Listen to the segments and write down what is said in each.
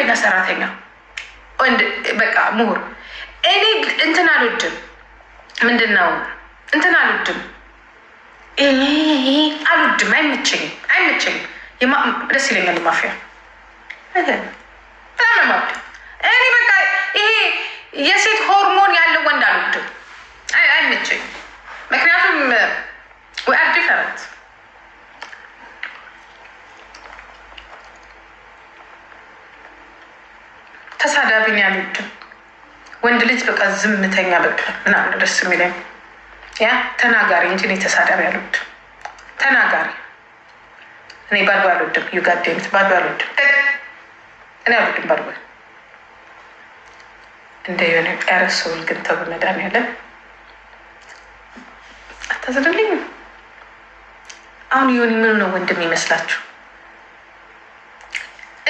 ሜጋ ሰራተኛ ወንድ በቃ ምሁር። እኔ እንትን አልወድም፣ ምንድን ነው እንትን አልወድም፣ አልወድም፣ አይመቸኝም፣ አይመቸኝም። ደስ ይለኛል ማፊያ በጣም እኔ በቃ ይሄ የሴት ሆርሞን ያለው ወንድ አልወድም፣ አይመቸኝም። ምክንያቱም ወይ አር ዲፈረንት ተሳዳቢን ያልወድም ወንድ ልጅ በቃ ዝምተኛ በቃ ምናምን ደስ የሚለኝ ያ ተናጋሪ እንጂ እኔ ተሳዳቢ አልወድም። ተናጋሪ እኔ ባድ አልወድም። ዩጋዴምት ባድ አልወድም። እኔ አልወድም ባልባ እንደ የሆነ ቀረሰውል ግን ተው ያለን አታዝንልኝም። አሁን የሆን ምን ነው ወንድም ይመስላችሁ?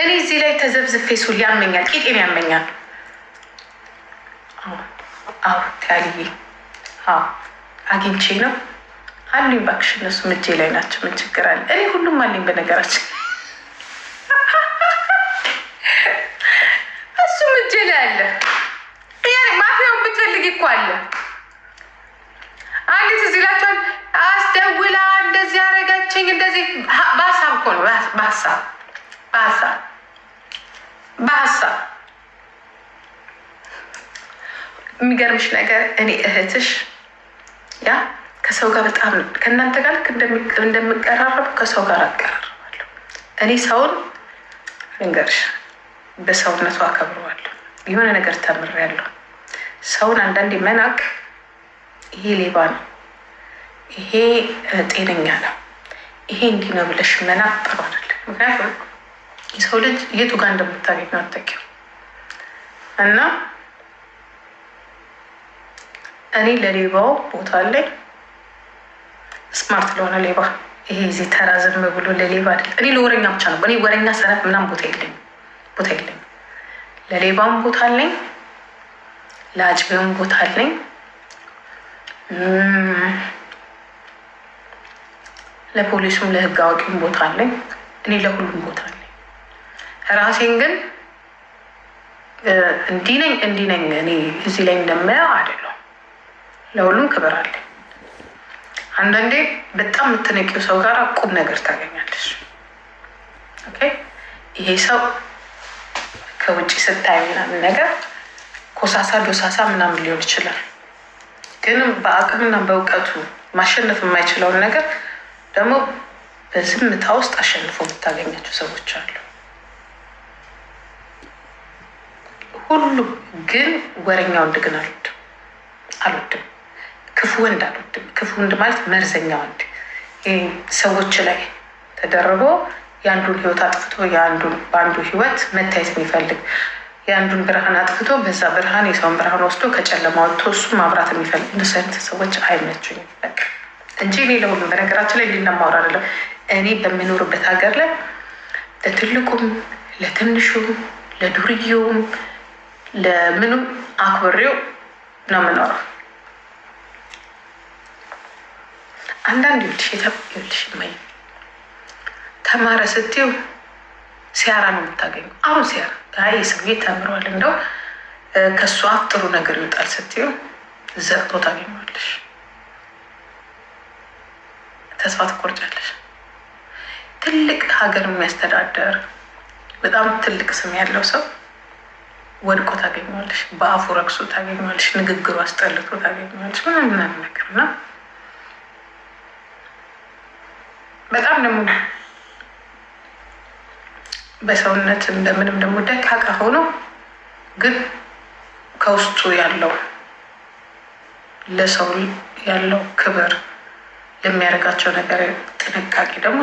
እኔ እዚህ ላይ ተዘብዝፌ ሱል ያመኛል፣ ቂጤን ያመኛል። አዎ ታያልዬ፣ አዎ አግኝቼ ነው አሉኝ። እባክሽ እነሱ ምጄ ላይ ናቸው። ምን ችግር አለ? እኔ ሁሉም አለኝ በነገራችን እሱ ምጄ ላይ አለ። ማፊያውን ብትፈልግ እኮ አለ። አንዲት እዚህ ላቸዋል አስደውላ እንደዚህ ያደረጋችኝ እንደዚህ በሀሳብ እኮ ነው በሀሳብ በሀሳብ በሀሳብ የሚገርምሽ ነገር እኔ እህትሽ ያ ከሰው ጋር በጣም ከእናንተ ጋር ልክ እንደምቀራረብ ከሰው ጋር አቀራርባለሁ። እኔ ሰውን ልንገርሽ፣ በሰውነቱ አከብረዋለሁ። የሆነ ነገር ተምሬያለሁ። ሰውን አንዳንዴ መናቅ ይሄ ሌባ ነው፣ ይሄ ጤነኛ ነው፣ ይሄ እንዲህ ነው ብለሽ መናቅ ጥሩ አይደለም። ምክንያቱም የሰው ልጅ የቱ ጋር እንደምታገኝ ነው አታውቂም። እና እኔ ለሌባው ቦታ ላይ ስማርት ለሆነ ሌባ ይሄ ዚ ተራ ዝም ብሎ ለሌባ አይደለም። እኔ ለወረኛ ብቻ ነው። እኔ ወረኛ ሰነፍ ምናም ቦታ የለኝ ቦታ የለኝም። ለሌባም ቦታ አለኝ፣ ለአጭቤውም ቦታ አለኝ፣ ለፖሊሱም ለህግ አዋቂም ቦታ አለኝ። እኔ ለሁሉም ቦታ አለኝ። ራሴን ግን እንዲነኝ እንዲነኝ እኔ እዚህ ላይ እንደማየው አይደለም። ለሁሉም ክብር አለ። አንዳንዴ በጣም የምትነቂው ሰው ጋር ቁም ነገር ታገኛለች። ይሄ ሰው ከውጭ ስታይ ምናምን ነገር ኮሳሳ ዶሳሳ ምናምን ሊሆን ይችላል። ግን በአቅምና በእውቀቱ ማሸነፍ የማይችለውን ነገር ደግሞ በዝምታ ውስጥ አሸንፎ የምታገኛቸው ሰዎች አሉ። ሁሉ ግን ወረኛ ወንድ ግን አልወድም አልወድም። ክፉ ወንድ አልወድም። ክፉ ወንድ ማለት መርዘኛ ወንድ ሰዎች ላይ ተደርቦ የአንዱን ህይወት አጥፍቶ የአንዱን በአንዱ ህይወት መታየት የሚፈልግ የአንዱን ብርሃን አጥፍቶ በዛ ብርሃን የሰውን ብርሃን ወስዶ ከጨለማ ወጥቶ እሱ ማብራት የሚፈልግ እንደሰንት ሰዎች አይመቹኝም እንጂ እኔ ለሁሉም በነገራችን ላይ ሊናማወር አይደለም። እኔ በሚኖርበት ሀገር ላይ ለትልቁም ለትንሹም ለዱርዬውም ለምንም አክብሬው ነው የምኖረው። አንዳንድ ይኸውልሽ ይኸውልሽ ማይ ተማረ ስትው ሲያራ ነው የምታገኙ። አሁን ሲያራ አይ ሰውዬ ተምሯል እንደው ከእሱ አፍ ጥሩ ነገር ይወጣል ስትው ዘግቶ ታገኘዋለሽ። ተስፋ ትቆርጫለሽ። ትልቅ ሀገር የሚያስተዳደር በጣም ትልቅ ስም ያለው ሰው ወድቆ ታገኘዋለሽ፣ በአፉ ረክሶ ታገኘዋለሽ፣ ንግግሩ አስጠልቶ ታገኘዋለሽ። ምናምን ነገር እና በጣም ደግሞ በሰውነት እንደምንም ደግሞ ደካቃ ሆኖ ግን ከውስጡ ያለው ለሰው ያለው ክብር ለሚያደርጋቸው ነገር ጥንቃቄ ደግሞ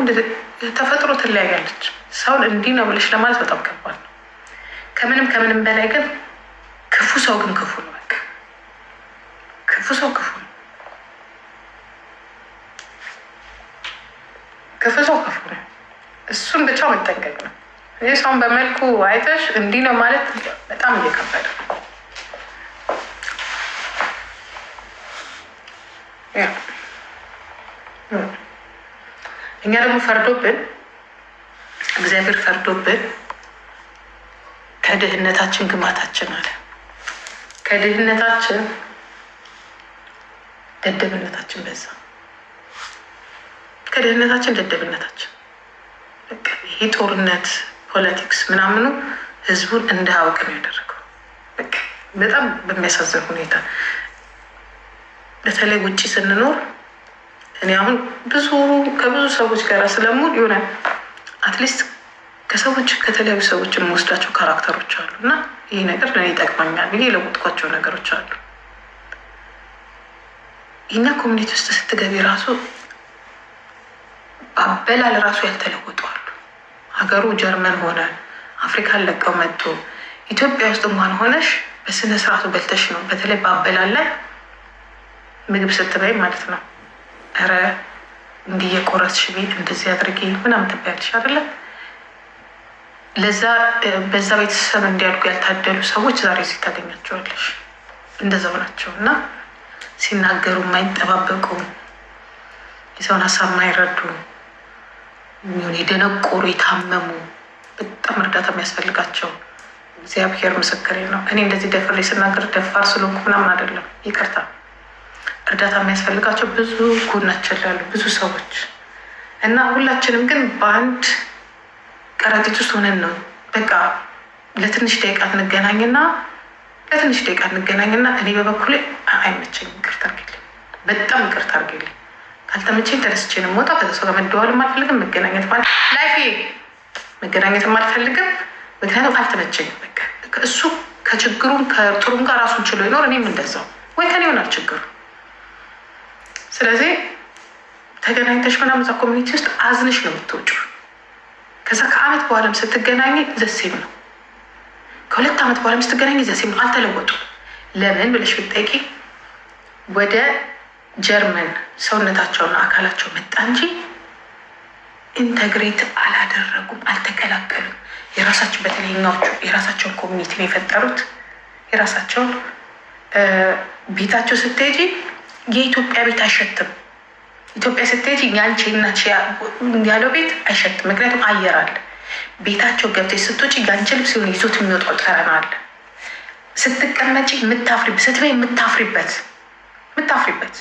ተፈጥሮ ትለያያለች። ሰውን እንዲህ ነው ብለሽ ለማለት በጣም ከባድ ነው። ከምንም ከምንም በላይ ግን ክፉ ሰው ግን ክፉ ነው። በቃ ክፉ ሰው ክፉ ነው። ክፉ ሰው ክፉ ነው። እሱን ብቻ መጠንቀቅ ነው። ይህ ሰውን በመልኩ አይተሽ እንዲህ ነው ማለት በጣም እየከበደ እኛ ደግሞ ፈርዶብን እግዚአብሔር ፈርዶብን ከድህነታችን ግማታችን አለ። ከድህነታችን ደደብነታችን በዛ። ከድህነታችን ደደብነታችን ይህ ጦርነት ፖለቲክስ ምናምኑ ህዝቡን እንዳያውቅ ነው ያደረገው። በጣም በሚያሳዝን ሁኔታ በተለይ ውጭ ስንኖር እኔ አሁን ብዙ ከብዙ ሰዎች ጋር ስለምውል ይሆናል አትሊስት ከሰዎች ከተለያዩ ሰዎች የምወስዳቸው ካራክተሮች አሉ እና ይህ ነገር ለእኔ ይጠቅመኛል ብዬ የለወጥኳቸው ነገሮች አሉ። ይህና ኮሚኒቲ ውስጥ ስትገቢ ራሱ አበላል ራሱ ያልተለወጡ አሉ። ሀገሩ ጀርመን ሆነ አፍሪካን ለቀው መጡ። ኢትዮጵያ ውስጥ እንኳን ሆነሽ በስነ ስርዓቱ በልተሽ ነው። በተለይ በአበላል ላይ ምግብ ስትበይ ማለት ነው። ኧረ እንዲህ የቆረስሽ ቤት እንደዚህ አድርጊ ምናምን ትበያለሽ አይደለም ለዛ በዛ ቤተሰብ እንዲያድጉ ያልታደሉ ሰዎች ዛሬ እዚህ ታገኛቸዋለሽ። እንደዛው ናቸው እና ሲናገሩ የማይጠባበቁ የሰውን ሀሳብ የማይረዱ የሚሆን የደነቆሩ የታመሙ በጣም እርዳታ የሚያስፈልጋቸው እግዚአብሔር ምስክሬ ነው። እኔ እንደዚህ ደፍሬ ስናገር ደፋር ስለሆንኩ ምናምን አይደለም፣ ይቅርታ። እርዳታ የሚያስፈልጋቸው ብዙ ጎናችን ላሉ ብዙ ሰዎች እና ሁላችንም ግን በአንድ ከረጢት ውስጥ ሆነን ነው በቃ ለትንሽ ደቂቃ እንገናኝና ለትንሽ ደቂቃ እንገናኝና እኔ በበኩሌ አይመቸኝ፣ ይቅርታ አድርጊልኝ፣ በጣም ይቅርታ አድርጊልኝ። ካልተመቸኝ ተደስቼ ነው የምወጣው። ከዛ ሰው ጋር መደዋወልም አልፈልግም፣ መገናኘት ላይፌ መገናኘትም አልፈልግም። ምክንያቱም ካልተመቸኝ በቃ እሱ ከችግሩም ከጥሩም ጋር ራሱን ችሎ ይኖር፣ እኔም እንደዛው ወይ ከኔ ይሆናል ችግሩ። ስለዚህ ተገናኝተሽ ምናምን እዛ ኮሚኒቲ ውስጥ አዝንሽ ነው የምትወጪው። ከዛ ከአመት በኋላም ስትገናኝ ዘሴም ነው። ከሁለት ዓመት በኋላም ስትገናኝ ዘሴም ነው። አልተለወጡም። ለምን ብለሽ ብጠይቂ ወደ ጀርመን ሰውነታቸውና አካላቸው መጣ እንጂ ኢንተግሬት አላደረጉም፣ አልተቀላቀሉም። የራሳቸው በተለይኛዎቹ የራሳቸውን ኮሚኒቲ ነው የፈጠሩት። የራሳቸውን ቤታቸው ስትሄጂ የኢትዮጵያ ቤት አይሸትም። ኢትዮጵያ ስትሄጂ ያንቺ እናትሽ ያለው ቤት አይሸጥም። ምክንያቱም አየር አለ። ቤታቸው ገብተሽ ስትወጪ ያንቺ ልብስ ሲሆን ይዞት የሚወጣው ጠረን አለ። ስትቀመጪ የምታፍሪበት ስትበይ የምታፍሪበት የምታፍሪበት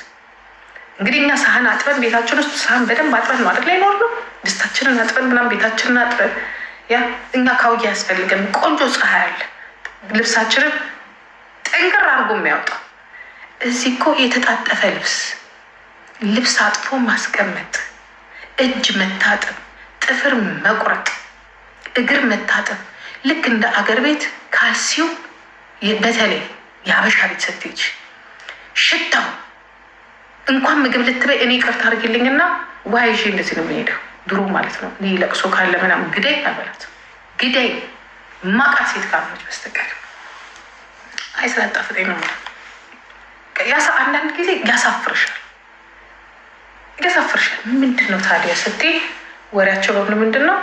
እንግዲህ እኛ ሳህን አጥበን ቤታችን ውስጥ ሳህን በደንብ አጥበን ማድረግ ላይ ኖር ነው። ድስታችንን አጥበን ምናምን ቤታችንን አጥበን ያ እኛ ካውጊ ያስፈልገን ቆንጆ ፀሐይ አለ ልብሳችንን ጠንቅር አድርጎ የሚያወጣው እዚህ እኮ የተጣጠፈ ልብስ ልብስ አጥፎ ማስቀመጥ፣ እጅ መታጠብ፣ ጥፍር መቁረጥ፣ እግር መታጠብ ልክ እንደ አገር ቤት ካልሲው በተለይ የአበሻ ቤት ስትሄጂ ሽታው እንኳን ምግብ ልትበይ እኔ ይቅርታ አድርጊልኝና ውሃ ይዤ እንደዚህ ነው የምሄደው። ድሮ ማለት ነው እኔ ለቅሶ ካለ ምናምን ግዳይ አበላት ግዳይ ማቃት ሴት ካልሆነች በስተቀር አይ ስላጣፍጠኝ ነው። አንዳንድ ጊዜ ያሳፍርሻል። ያሳፍርሻል። ምንድን ነው ታዲያ ስትይ ወሬያቸው በሙሉ ምንድን ነው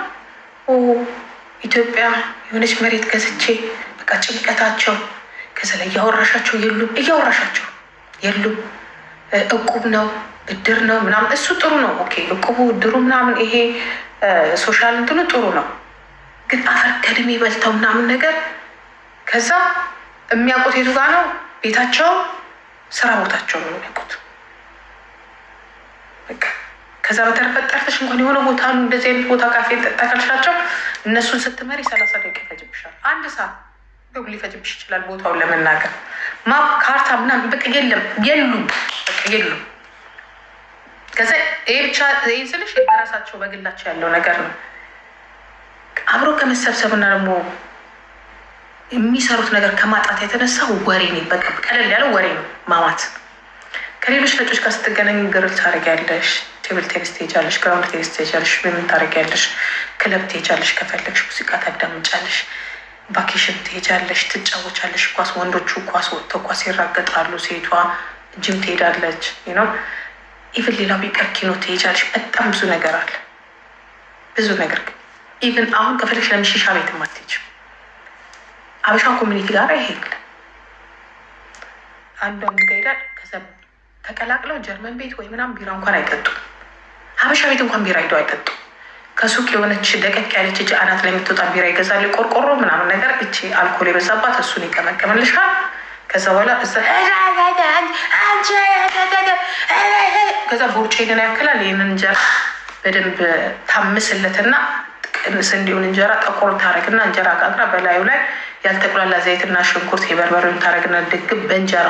ኢትዮጵያ የሆነች መሬት ገዝቼ በቃ ጭንቀታቸው ከዚ ላይ እያወራሻቸው የሉም እያወራሻቸው የሉም እቁብ ነው እድር ነው ምናምን እሱ ጥሩ ነው። ኦኬ እቁቡ እድሩ ምናምን ይሄ ሶሻል እንትኑ ጥሩ ነው፣ ግን አፈር ከድሜ በልተው ምናምን ነገር ከዛ የሚያውቁት የቱ ጋ ነው? ቤታቸው፣ ስራ ቦታቸው ነው የሚያውቁት። ከዛ በተረፈ ጠርተሽ እንኳን የሆነ ቦታ እንደዚህ አይነት ቦታ ካፌ ጠጣካልሻቸው እነሱን ስትመሪ ሰላሳ ደቂቃ ይፈጅብሻል። አንድ ሰዓት ግብ ሊፈጅብሽ ይችላል። ቦታውን ለመናገር ማፕ ካርታ ምናምን በቃ የለም የሉም በቃ የሉም። ከዛ ይህ ብቻ ይህን ስልሽ በራሳቸው በግላቸው ያለው ነገር ነው። አብሮ ከመሰብሰብና ደግሞ የሚሰሩት ነገር ከማጣት የተነሳ ወሬ ነው። በቃ ቀለል ያለው ወሬ ነው ማማት ከሌሎች ልጆች ጋር ስትገናኝ ግርል ታደርጊያለሽ፣ ቴብል ቴኒስ ትሄጃለሽ፣ ግራውንድ ቴኒስ ትሄጃለሽ፣ ምን ታደርጊያለሽ፣ ክለብ ትሄጃለሽ፣ ከፈለግሽ ሙዚቃ ታዳምጫለሽ፣ ቫኬሽን ትሄጃለሽ፣ ትጫወቻለሽ። ኳስ ወንዶቹ ኳስ ወጥተው ኳስ ይራገጣሉ፣ ሴቷ ጅም ትሄዳለች ነው ኢቨን ሌላው ቢቀር ኪኖ ትሄጃለሽ። በጣም ብዙ ነገር አለ፣ ብዙ ነገር ግን ኢቨን አሁን ከፈለግሽ ለምን ሺሻ ቤት አትሄጂም? አበሻ ኮሚኒቲ ጋር ይሄ አንዷን ጋይዳል ከዛ ተቀላቅለው ጀርመን ቤት ወይ ምናምን ቢራ እንኳን አይጠጡም። ሀበሻ ቤት እንኳን ቢራ ሂደው አይጠጡም። ከሱቅ የሆነች ደቀቅ ያለች እጅ አናት ላይ የምትወጣ ቢራ ይገዛል፣ ቆርቆሮ ምናምን ነገር እቺ አልኮል የበዛባት እሱን ይቀመቀምልሻል። ከዛ በኋላ እዛ ከዛ ያክላል። ይህንን እንጀራ በደንብ ታምስለትና ቅንስ እንዲሁን እንጀራ ጠቆር ታረግና እንጀራ ጋግራ በላዩ ላይ ያልተቁላላ ዘይትና ሽንኩርት የበርበሬውን ታረግና ድግብ በእንጀራ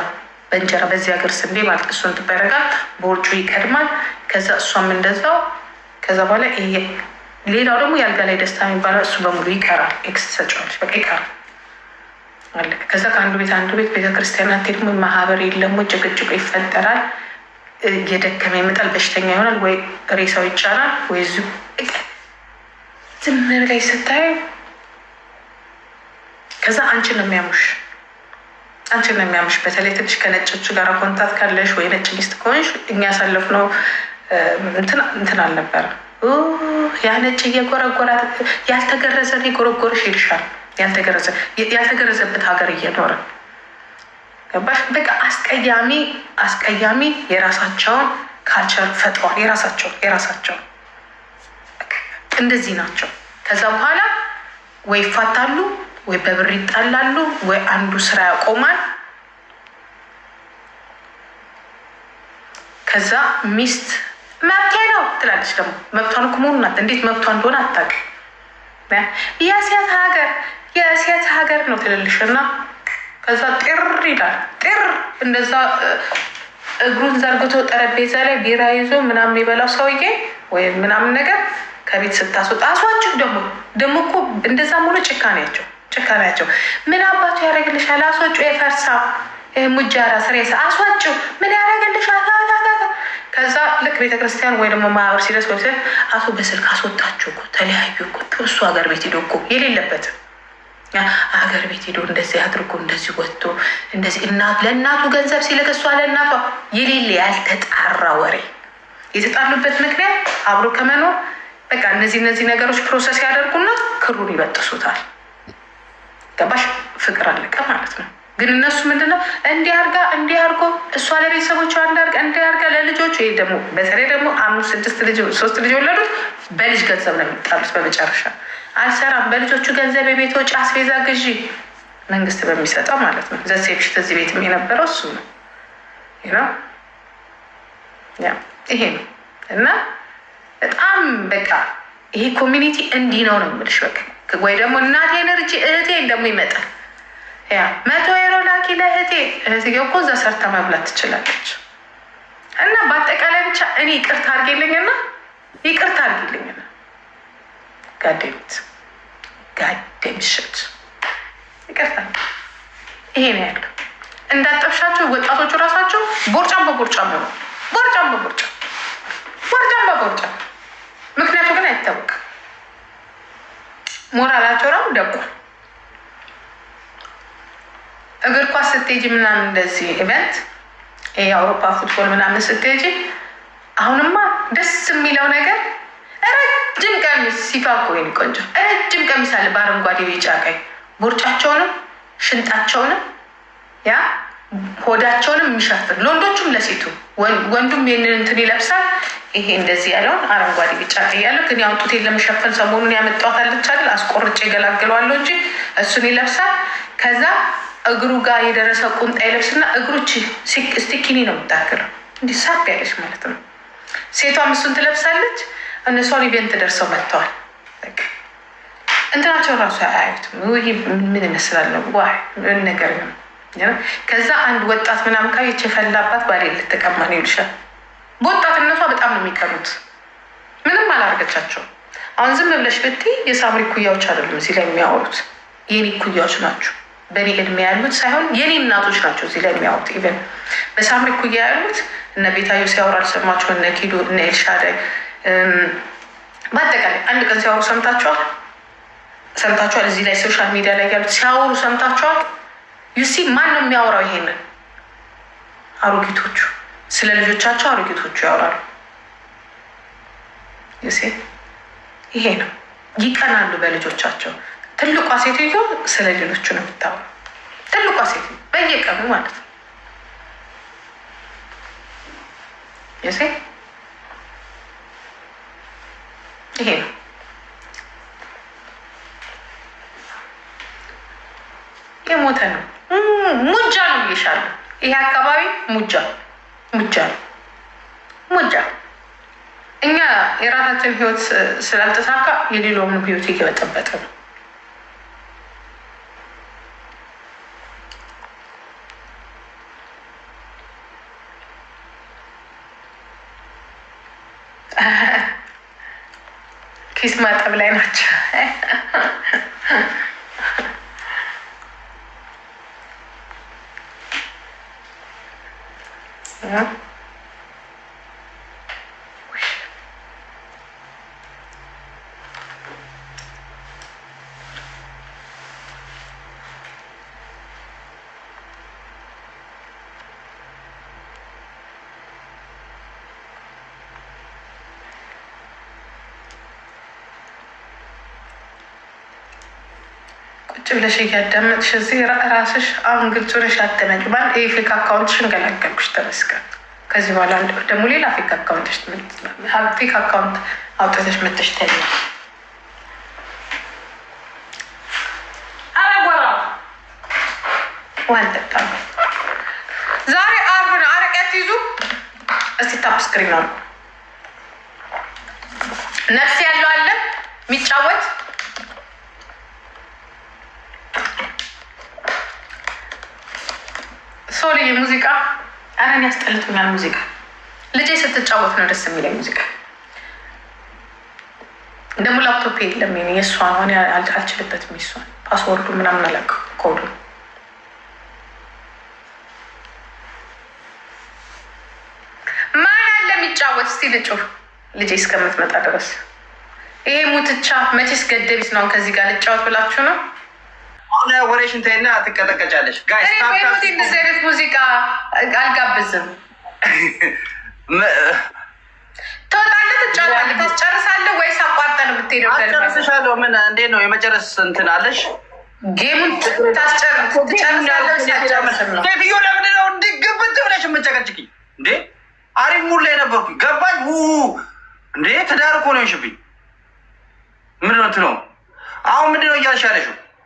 በእንጀራ በዚህ ሀገር ስንዴ ማለት እሱን ትበረጋል። በውጩ ይቀድማል። ከዛ እሷም እንደዛው። ከዛ በኋላ ሌላው ደግሞ የአልጋ ላይ ደስታ የሚባለው እሱ በሙሉ ይቀራል። ኤክስ ትሰጪዋለሽ፣ በቃ ይቀራል። ከዛ ከአንዱ ቤት አንዱ ቤት ቤተክርስቲያን አትሄድም ወይ ማህበር የለም ወይ ጭቅጭቁ ይፈጠራል። እየደከመ ይመጣል። በሽተኛ ይሆናል። ወይ ሬሳው ይጫናል። ወይ ዙ ዝም ብለሽ ስታየው ከዛ አንቺ ነው የሚያሙሽ አንቺን ነው የሚያምሽ። በተለይ ትንሽ ከነጮቹ ጋር ኮንታት ካለሽ ወይ ነጭ ሚስት ከሆንሽ እኛ ያሳለፍነው እንትን አልነበረ። ያ ነጭ እየጎረጎራ ያልተገረዘ የጎረጎርሽ ይልሻል። ያልተገረዘበት ሀገር እየኖረ ገባሽ። በቃ አስቀያሚ አስቀያሚ የራሳቸውን ካልቸር ፈጥሯል። የራሳቸው የራሳቸው እንደዚህ ናቸው። ከዛ በኋላ ወይ ይፋታሉ ወይ በብር ይጣላሉ፣ ወይ አንዱ ስራ ያቆማል። ከዛ ሚስት መብቴ ነው ትላለች። ደግሞ መብቷን እኮ መሆኑን ናት። እንዴት መብቷ እንደሆነ አታውቅም። የሴት ሀገር የሴት ሀገር ነው ትልልሽና ከዛ ጥር ይላል። ጥር እንደዛ እግሩን ዘርግቶ ጠረጴዛ ላይ ቢራ ይዞ ምናምን የበላው ሰውዬ ወይም ምናምን ነገር ከቤት ስታስወጣ አሷችሁ ደግሞ ደግሞ እኮ እንደዛ ሆነ ጭካኔያቸው ጭካኔያቸው ምን አባቱ ያደረግልሻል? አስወጩ የፈርሳ ሙጃራ ስሬሳ አስወጩ ምን ያደረግልሻል? ከዛ ልክ ቤተ ክርስቲያን ወይ ደግሞ ማህበር ሲደርስ ወይ አቶ በስልክ አስወጣችሁ እኮ ተለያዩ እኮ እሱ ሀገር ቤት ሄዶ እኮ የሌለበትም ሀገር ቤት ሄዶ እንደዚህ አድርጎ እንደዚህ ወጥቶ እንደዚህ እናት ለእናቱ ገንዘብ ሲልክ እሷ ለእናቷ የሌለ ያልተጣራ ወሬ የተጣሉበት ምክንያት አብሮ ከመኖር በቃ እነዚህ እነዚህ ነገሮች ፕሮሰስ ያደርጉና ክሩን ይበጥሱታል። ገባሽ? ፍቅር አለቀ ማለት ነው። ግን እነሱ ነው እንዲህ አርጋ እንዲህ አርጎ እሷ ለቤተሰቦቿ እንዳርጋ እንዲህ አርጋ ለልጆቹ ይህ ደግሞ በተለይ ደግሞ አምስት ስድስት ልጅ ሶስት ልጅ የወለዱት በልጅ ገንዘብ ነው የሚጣሉት። በመጨረሻ አልሰራም በልጆቹ ገንዘብ የቤት ወጪ፣ አስቤዛ ግዢ መንግስት በሚሰጠው ማለት ነው። ዘሴ ብሽት እዚህ ቤትም የነበረው እሱ ነው። ይሄ ነው እና በጣም በቃ ይሄ ኮሚኒቲ እንዲህ ነው ነው የምልሽ በቃ ወይ ደግሞ እናቴን ርቺ እህቴን ደግሞ ይመጣል። ያ መቶ ዩሮ ላኪ ለእህቴ። እህቴ እኮ እዛ ሰርታ መብላት ትችላለች። እና በአጠቃላይ ብቻ እኔ ይቅርታ አድርጌልኝና ይቅርታ አድርጌልኝና ጋዴሚት ጋዴሚሸት ይቅርታ። ይሄ ነው ያለው። እንዳጠብሻቸው ወጣቶቹ ራሳቸው ቦርጫም በቦርጫም ይሆናል። ቦርጫም በቦርጫም ቦርጫም በቦርጫም ሞራላቸው ራሱ ደቋል። እግር ኳስ ስትሄጂ ምናምን እንደዚህ ኢቨንት የአውሮፓ ፉትቦል ምናምን ስትሄጂ አሁንማ ደስ የሚለው ነገር ረጅም ቀሚስ ሲፋ እኮ ወይን ቆንጆ ረጅም ቀሚስ አለ በአረንጓዴ ቢጫ ቀይ ቦርጫቸውንም ሽንጣቸውንም ያ ሆዳቸውንም የሚሸፍን ለወንዶቹም ለሴቱ ወንዱም ይህንን እንትን ይለብሳል። ይሄ እንደዚህ ያለውን አረንጓዴ ቢጫ ቀያለ ግን ያው ጡቴን ለመሸፈን ሰሞኑን ያመጣኋት አለች አይደል? አስቆርጬ የገላገለዋለሁ እንጂ እሱን ይለብሳል። ከዛ እግሩ ጋር የደረሰ ቁምጣ ይለብስና እግሮች ስቲኪኒ ነው የምታክለው፣ እንዲህ ሳፕ ያለች ማለት ነው። ሴቷም እሱን ትለብሳለች። እነሷን ኢቨንት ደርሰው መጥተዋል። እንትናቸው ራሱ አያዩትም። ይህ ምን ይመስላል ነው ነገር ነው ከዛ አንድ ወጣት ምናምን ካየች የፈላባት ባሌ ልትቀማ ነው ይልሻል። በወጣትነቷ በጣም ነው የሚቀኑት። ምንም አላደረገቻቸው። አሁን ዝም ብለሽ ብትይ የሳምሪ ኩያዎች አይደሉም እዚህ ላይ የሚያወሩት የኔ ኩያዎች ናቸው። በእኔ እድሜ ያሉት ሳይሆን የኔ እናቶች ናቸው እዚህ ላይ የሚያወሩት። ኢቨን በሳምሪ ኩያ ያሉት እነ ቤታዩ ሲያወራ አልሰማቸው፣ እነ ኪዱ፣ እነ ኤልሻዳይ በአጠቃላይ አንድ ቀን ሲያወሩ ሰምታችኋል? ሰምታችኋል? እዚህ ላይ ሶሻል ሚዲያ ላይ ያሉት ሲያወሩ ሰምታችኋል? ዩሲ ማን ነው የሚያወራው? ይሄንን አሮጊቶቹ ስለ ልጆቻቸው አሮጊቶቹ ያወራሉ። ዩሲ ይሄ ነው ይቀናሉ በልጆቻቸው። ትልቋ ሴትዮ ስለ ሌሎቹ ነው የምታወራው። ትልቋ ሴትዮ በየቀኑ ማለት ነው። ዩሲ ይሄ ነው የሞተ ነው ብዬሻለሁ። ይሄ አካባቢ ሙጃ ሙጃ ሙጃ። እኛ የራሳችን ህይወት ስላልተሳካ የሌላውን ህይወት እየበጠበጠ ነው። ኪስ ማጠብ ላይ ናቸው። tá? ብለሽ እያዳመጥሽ እዚህ ራስሽ አሁን ግልጽ ሆነሽ አትነግባል። ይህ ፌክ አካውንትሽን ገላገልኩሽ፣ ተመስገን። ከዚህ በኋላ ደግሞ ሌላ ፌክ አካውንትሽ ፌክ አካውንት አውጥተሽ መተሽ ተኛ ዋንጠጣ ዛሬ አርብ ነው። አረቂያት ይዙ እስቲ ታፕ ስክሪን ነፍስ ያለው አለ የሚጫወት ሰው ልጅ ሙዚቃ አረን ያስጠልቶኛል። ሙዚቃ ልጄ ስትጫወት ነው ደስ የሚለኝ ሙዚቃ። ደግሞ ላፕቶፕ የለም የእሷ ሆን አልችልበትም። የእሷን ፓስወርዱ ምናምን አላውቅም ኮዱ ማን አለ የሚጫወት እስቲ ልጩ ልጄ እስከምትመጣ ድረስ ይሄ ሙትቻ መቼስ ገደቢት ነው። ከዚህ ጋር ልጫወት ብላችሁ ነው አሁን ወሬሽን ተይና ትቀጠቀጫለሽ። እንደዚህ አይነት ሙዚቃ አልጋብዝም። ትወጣለህ፣ ትጫወታለህ፣ ታስጨርሳለህ ወይስ አቋርጠን የምትሄደው? ምን እንዴት ነው የመጨረስ እንትን አለሽ? ጌሙን ትጨርሳለህ። ለምንድን ነው እንዲግብት ብለሽ የምጨቀጭቅኝ እንዴ? አሪፍ ሙድ የነበርኩ ነበርኩኝ። ገባኝ እንዴ? ትዳር እኮ ነው ይሽብኝ። ምንድን ነው ትነው አሁን ምንድን ነው እያልሽ ያለሽው?